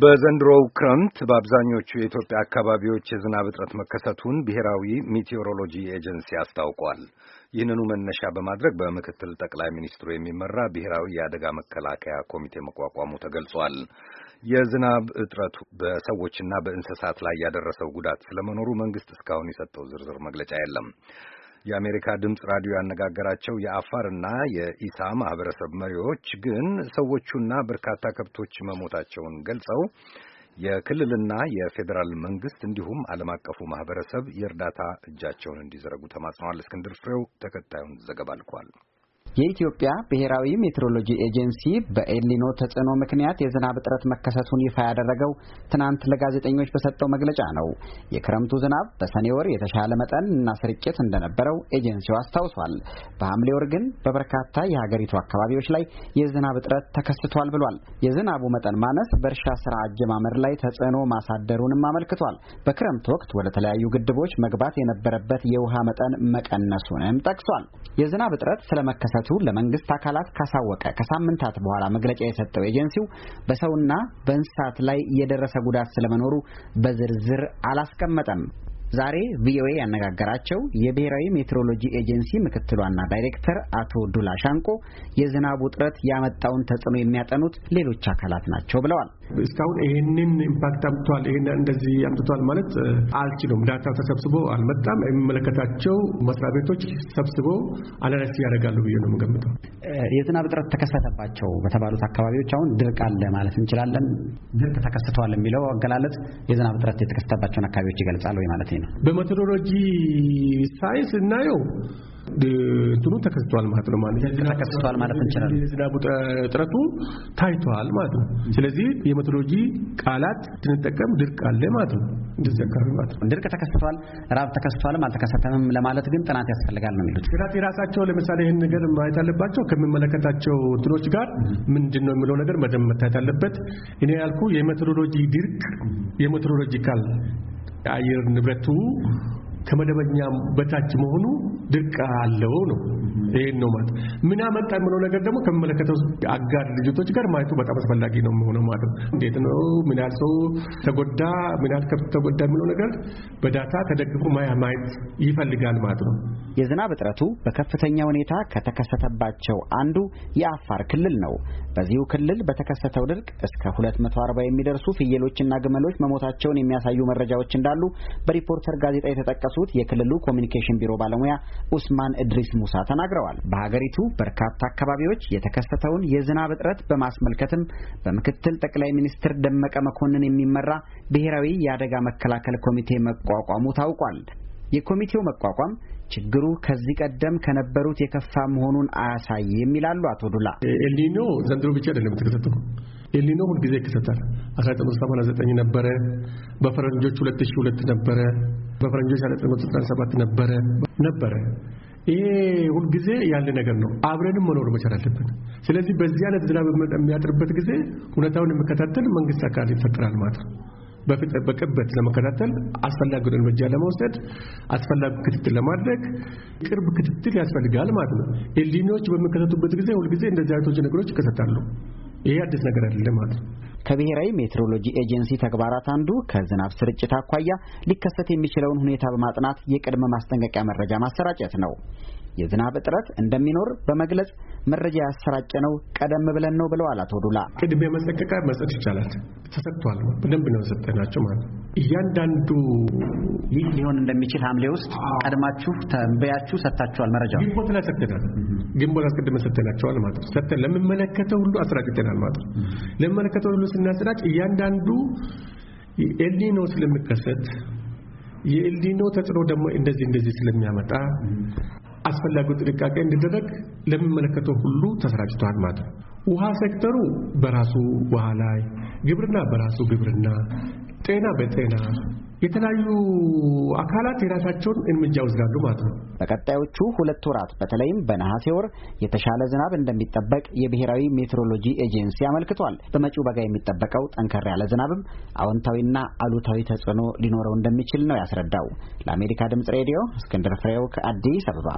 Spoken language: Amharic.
በዘንድሮው ክረምት በአብዛኞቹ የኢትዮጵያ አካባቢዎች የዝናብ እጥረት መከሰቱን ብሔራዊ ሚቴዎሮሎጂ ኤጀንሲ አስታውቋል። ይህንኑ መነሻ በማድረግ በምክትል ጠቅላይ ሚኒስትሩ የሚመራ ብሔራዊ የአደጋ መከላከያ ኮሚቴ መቋቋሙ ተገልጿል። የዝናብ እጥረቱ በሰዎችና በእንስሳት ላይ ያደረሰው ጉዳት ስለመኖሩ መንግስት እስካሁን የሰጠው ዝርዝር መግለጫ የለም። የአሜሪካ ድምፅ ራዲዮ ያነጋገራቸው የአፋርና የኢሳ ማህበረሰብ መሪዎች ግን ሰዎቹና በርካታ ከብቶች መሞታቸውን ገልጸው የክልልና የፌዴራል መንግስት እንዲሁም ዓለም አቀፉ ማህበረሰብ የእርዳታ እጃቸውን እንዲዘረጉ ተማጽነዋል። እስክንድር ፍሬው ተከታዩን ዘገባ ልኳል። የኢትዮጵያ ብሔራዊ ሜትሮሎጂ ኤጀንሲ በኤልኒኖ ተጽዕኖ ምክንያት የዝናብ እጥረት መከሰቱን ይፋ ያደረገው ትናንት ለጋዜጠኞች በሰጠው መግለጫ ነው። የክረምቱ ዝናብ በሰኔ ወር የተሻለ መጠን እና ስርጭት እንደነበረው ኤጀንሲው አስታውሷል። በሐምሌ ወር ግን በበርካታ የሀገሪቱ አካባቢዎች ላይ የዝናብ እጥረት ተከስቷል ብሏል። የዝናቡ መጠን ማነስ በእርሻ ስራ አጀማመር ላይ ተጽዕኖ ማሳደሩንም አመልክቷል። በክረምት ወቅት ወደ ተለያዩ ግድቦች መግባት የነበረበት የውሃ መጠን መቀነሱንም ጠቅሷል። የዝናብ እጥረት ስለመከሰ ክስተቱን ለመንግስት አካላት ካሳወቀ ከሳምንታት በኋላ መግለጫ የሰጠው ኤጀንሲው በሰውና በእንስሳት ላይ የደረሰ ጉዳት ስለመኖሩ በዝርዝር አላስቀመጠም። ዛሬ ቪኦኤ ያነጋገራቸው የብሔራዊ ሜትሮሎጂ ኤጀንሲ ምክትል ዋና ዳይሬክተር አቶ ዱላ ሻንቆ የዝናቡ ውጥረት ያመጣውን ተጽዕኖ የሚያጠኑት ሌሎች አካላት ናቸው ብለዋል። እስካሁን ይህንን ኢምፓክት አምጥቷል፣ ይህን እንደዚህ አምጥቷል ማለት አልችሉም። ዳታ ተሰብስቦ አልመጣም። የሚመለከታቸው መስሪያ ቤቶች ሰብስቦ አናላይስ ያደርጋሉ ብዬ ነው የምገምጠው። የዝናብ እጥረት ተከሰተባቸው በተባሉት አካባቢዎች አሁን ድርቅ አለ ማለት እንችላለን። ድርቅ ተከስተዋል የሚለው አገላለጽ የዝናብ እጥረት የተከሰተባቸውን አካባቢዎች ይገልጻል ወይ ማለት ነው? በሜቶዶሎጂ ሳይንስ እናየው እንትኑ ተከስቷል ማለት ነው። ማለት ተከስቷል ማለት እንችላለን። የዝናቡ ጥረቱ ታይቷል ማለት ነው። ስለዚህ የሜቶዶሎጂ ቃላት ትንጠቀም ድርቅ አለ ማለት ነው። እንደዚህ አካባቢ ማለት ነው። ድርቅ ተከስቷል፣ ራብ ተከስቷልም አልተከሰተምም ለማለት ግን ጥናት ያስፈልጋል ነው የሚሉት። ጥናት የራሳቸው ለምሳሌ ይህን ነገር ማየት አለባቸው ከሚመለከታቸው እንትኖች ጋር ምንድን ነው የሚለው ነገር መደመት መታየት አለበት። እኔ ያልኩ የሜቶዶሎጂ ድርቅ የሜቶዶሎጂካል የአየር ንብረቱ ተመደበኛ በታች መሆኑ ድርቅ አለው ነው ይሄን ነው ማለት ምን አመጣ የምለው ነገር ደግሞ ከሚመለከተው አጋር ድርጅቶች ጋር ማየቱ በጣም አስፈላጊ ነው የሚሆነው ማለት ነው። እንዴት ነው ምን ያህል ሰው ተጎዳ፣ ምን ያህል ከብት ተጎዳ የምለው ነገር በዳታ ተደግፎ ማየት ይፈልጋል ማለት ነው። የዝናብ እጥረቱ በከፍተኛ ሁኔታ ከተከሰተባቸው አንዱ የአፋር ክልል ነው። በዚሁ ክልል በተከሰተው ድርቅ እስከ 240 የሚደርሱ ፍየሎችና ግመሎች መሞታቸውን የሚያሳዩ መረጃዎች እንዳሉ በሪፖርተር ጋዜጣ የተጠቀሱት የክልሉ ኮሚኒኬሽን ቢሮ ባለሙያ ኡስማን እድሪስ ሙሳ ተናግረዋል። ተናግረዋል። በሀገሪቱ በርካታ አካባቢዎች የተከሰተውን የዝናብ እጥረት በማስመልከትም በምክትል ጠቅላይ ሚኒስትር ደመቀ መኮንን የሚመራ ብሔራዊ የአደጋ መከላከል ኮሚቴ መቋቋሙ ታውቋል። የኮሚቴው መቋቋም ችግሩ ከዚህ ቀደም ከነበሩት የከፋ መሆኑን አያሳይም ይላሉ አቶ ዱላ። ኤልኒኖ ዘንድሮ ብቻ አይደለም የተከሰተው። ኤልኒኖ ሁልጊዜ ይከሰታል። 1989 ነበረ፣ በፈረንጆች 2002 ነበረ፣ በፈረንጆች 1997 ነበረ ነበረ ይሄ ሁልጊዜ ያለ ነገር ነው። አብረንም መኖር መቻል አለብን። ስለዚህ በዚህ አይነት ዝናብ የሚያጥርበት ጊዜ ሁኔታውን የሚከታተል መንግስት አካል ይፈጠራል ማለት ነው። በቅበት ለመከታተል አስፈላጊውን እርምጃ ለመውሰድ አስፈላጊ ክትትል ለማድረግ ቅርብ ክትትል ያስፈልጋል ማለት ነው። ኤልኒኖች በሚከሰቱበት ጊዜ ሁልጊዜ እንደዚህ አይነቶች ነገሮች ይከሰታሉ። ይሄ አዲስ ነገር አይደለም ማለት ነው። ከብሔራዊ ሜትሮሎጂ ኤጀንሲ ተግባራት አንዱ ከዝናብ ስርጭት አኳያ ሊከሰት የሚችለውን ሁኔታ በማጥናት የቅድመ ማስጠንቀቂያ መረጃ ማሰራጨት ነው። የዝናብ እጥረት እንደሚኖር በመግለጽ መረጃ ያሰራጨ ነው ቀደም ብለን ነው ብለዋል አቶ ዱላ። ቅድመ መጠንቀቂያ መስጠት ይቻላል። ተሰጥቷል። በደንብ ነው የሰጠናቸው ማለት እያንዳንዱ ይህ ሊሆን እንደሚችል ሐምሌ ውስጥ ቀድማችሁ ተንበያችሁ ሰጥታችኋል መረጃ ግንቦት ላይ ሰጥተናል። ግንቦት አስቀድመ ሰጥተናቸዋል ማለት ነው። ሰጥተን ለምመለከተው ሁሉ አስራጭተናል ማለት ነው። ለምመለከተው ሁሉ ስናስራጭ እያንዳንዱ ኤልኒኖ ስለሚከሰት የኤልዲኖ ተጽዕኖ ደግሞ እንደዚህ እንደዚህ ስለሚያመጣ አስፈላጊው ጥንቃቄ እንዲደረግ ለሚመለከተው ሁሉ ተሰራጭቷል ማለት ነው። ውሃ ሴክተሩ በራሱ ውሃ ላይ፣ ግብርና በራሱ ግብርና፣ ጤና በጤና የተለያዩ አካላት የራሳቸውን እርምጃ ይወስዳሉ ማለት ነው። በቀጣዮቹ ሁለት ወራት በተለይም በነሐሴ ወር የተሻለ ዝናብ እንደሚጠበቅ የብሔራዊ ሜትሮሎጂ ኤጀንሲ አመልክቷል። በመጪው በጋ የሚጠበቀው ጠንከር ያለ ዝናብም አዎንታዊና አሉታዊ ተጽዕኖ ሊኖረው እንደሚችል ነው ያስረዳው። ለአሜሪካ ድምጽ ሬዲዮ እስክንድር ፍሬው ከአዲስ አበባ